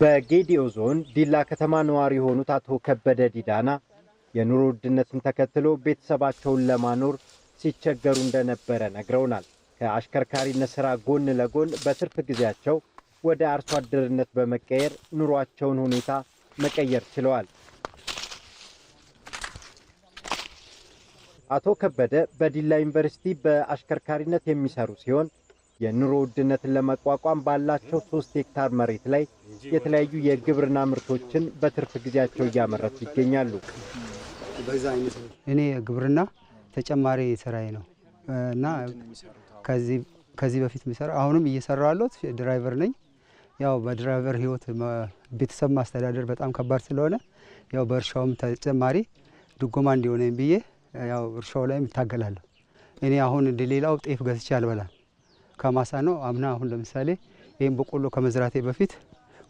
በጌዲኦ ዞን ዲላ ከተማ ነዋሪ የሆኑት አቶ ከበደ ዲዳና የኑሮ ውድነትን ተከትሎ ቤተሰባቸውን ለማኖር ሲቸገሩ እንደነበረ ነግረውናል። ከአሽከርካሪነት ስራ ጎን ለጎን በትርፍ ጊዜያቸው ወደ አርሶ አደርነት በመቀየር ኑሯቸውን ሁኔታ መቀየር ችለዋል። አቶ ከበደ በዲላ ዩኒቨርሲቲ በአሽከርካሪነት የሚሰሩ ሲሆን የኑሮ ውድነትን ለመቋቋም ባላቸው ሶስት ሄክታር መሬት ላይ የተለያዩ የግብርና ምርቶችን በትርፍ ጊዜያቸው እያመረቱ ይገኛሉ። እኔ ግብርና ተጨማሪ ስራዬ ነው እና ከዚህ በፊት የሚሰራ አሁንም እየሰራ አለት ድራይቨር ነኝ። ያው በድራይቨር ህይወት ቤተሰብ ማስተዳደር በጣም ከባድ ስለሆነ ያው በእርሻውም ተጨማሪ ድጎማ እንዲሆነ ብዬ ያው እርሻው ላይም ይታገላለሁ። እኔ አሁን እንደሌላው ጤፍ ገዝቼ አልበላል ከማሳ ነው። አምና አሁን ለምሳሌ ይህም በቆሎ ከመዝራቴ በፊት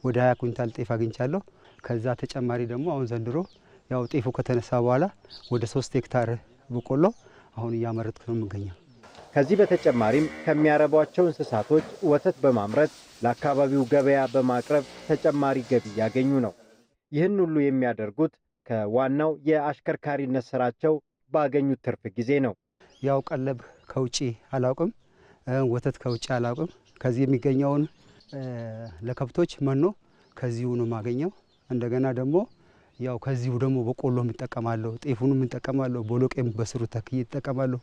ወደ ሀያ ኩንታል ጤፍ አግኝቻለሁ። ከዛ ተጨማሪ ደግሞ አሁን ዘንድሮ ያው ጤፉ ከተነሳ በኋላ ወደ ሶስት ሄክታር በቆሎ አሁን እያመረትኩ ነው የምገኘው። ከዚህ በተጨማሪም ከሚያረቧቸው እንስሳቶች ወተት በማምረት ለአካባቢው ገበያ በማቅረብ ተጨማሪ ገቢ እያገኙ ነው። ይህን ሁሉ የሚያደርጉት ከዋናው የአሽከርካሪነት ስራቸው ባገኙት ትርፍ ጊዜ ነው። ያው ቀለብ ከውጪ አላውቅም። ወተት ከውጭ አላውቅም። ከዚህ የሚገኘውን ለከብቶች መኖ ከዚሁ ነው የማገኘው። እንደገና ደግሞ ያው ከዚሁ ደግሞ በቆሎ እጠቀማለሁ፣ ጤፉንም እጠቀማለሁ፣ ቦሎቄም በስሩ ተክዬ እጠቀማለሁ፣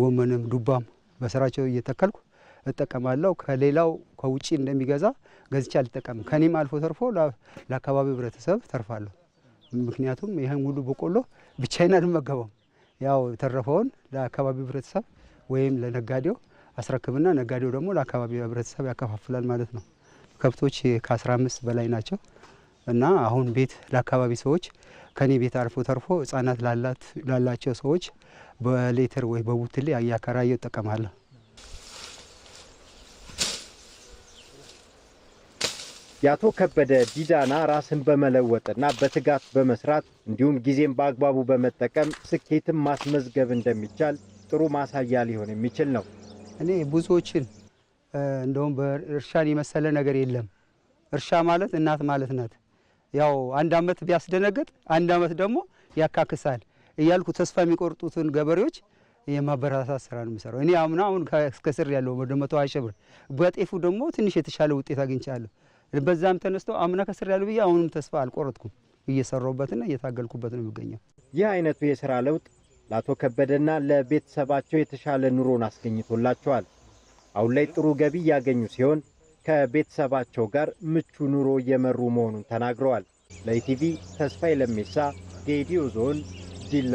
ጎመንም ዱባም በስራቸው እየተከልኩ እጠቀማለሁ። ከሌላው ከውጭ እንደሚገዛ ገዝቼ አልጠቀምም። ከኔም አልፎ ተርፎ ለአካባቢው ህብረተሰብ ተርፋለሁ። ምክንያቱም ይህን ሁሉ በቆሎ ብቻዬን አልመገበም። ያው ተረፈውን ለአካባቢው ህብረተሰብ ወይም ለነጋዴው ያስረክብና ነጋዴው ደግሞ ለአካባቢው ህብረተሰብ ያከፋፍላል ማለት ነው። ከብቶች ከ15 በላይ ናቸው እና አሁን ቤት ለአካባቢ ሰዎች ከኔ ቤት አልፎ ተርፎ ህጻናት ላላቸው ሰዎች በሌትር ወይ በቡትሌ እያከራየሁ እጠቀማለሁ። የአቶ ከበደ ዲዳና ራስን በመለወጥና በትጋት በመስራት እንዲሁም ጊዜን በአግባቡ በመጠቀም ስኬትን ማስመዝገብ እንደሚቻል ጥሩ ማሳያ ሊሆን የሚችል ነው። እኔ ብዙዎችን እንደውም በእርሻን የመሰለ ነገር የለም። እርሻ ማለት እናት ማለት ናት። ያው አንድ አመት ቢያስደነግጥ አንድ አመት ደግሞ ያካክሳል እያልኩ ተስፋ የሚቆርጡትን ገበሬዎች የማበረታታት ስራ ነው የሚሰራው። እኔ አምና አሁን ከስር ያለው ወደ መቶ ሀያ ሺህ ብር በጤፉ ደግሞ ትንሽ የተሻለ ውጤት አግኝቻለሁ። በዛም ተነስተው አምና ከስር ያለው ብዬ አሁንም ተስፋ አልቆረጥኩም። እየሰራሁበትና እየታገልኩበት ነው የሚገኘው። ይህ አይነቱ የስራ ለውጥ ለአቶ ከበደና ለቤተሰባቸው የተሻለ ኑሮን አስገኝቶላቸዋል። አሁን ላይ ጥሩ ገቢ እያገኙ ሲሆን ከቤተሰባቸው ጋር ምቹ ኑሮ እየመሩ መሆኑን ተናግረዋል። ለኢቲቪ ተስፋዬ ለሜሳ ጌዲዮ ዞን ዲላ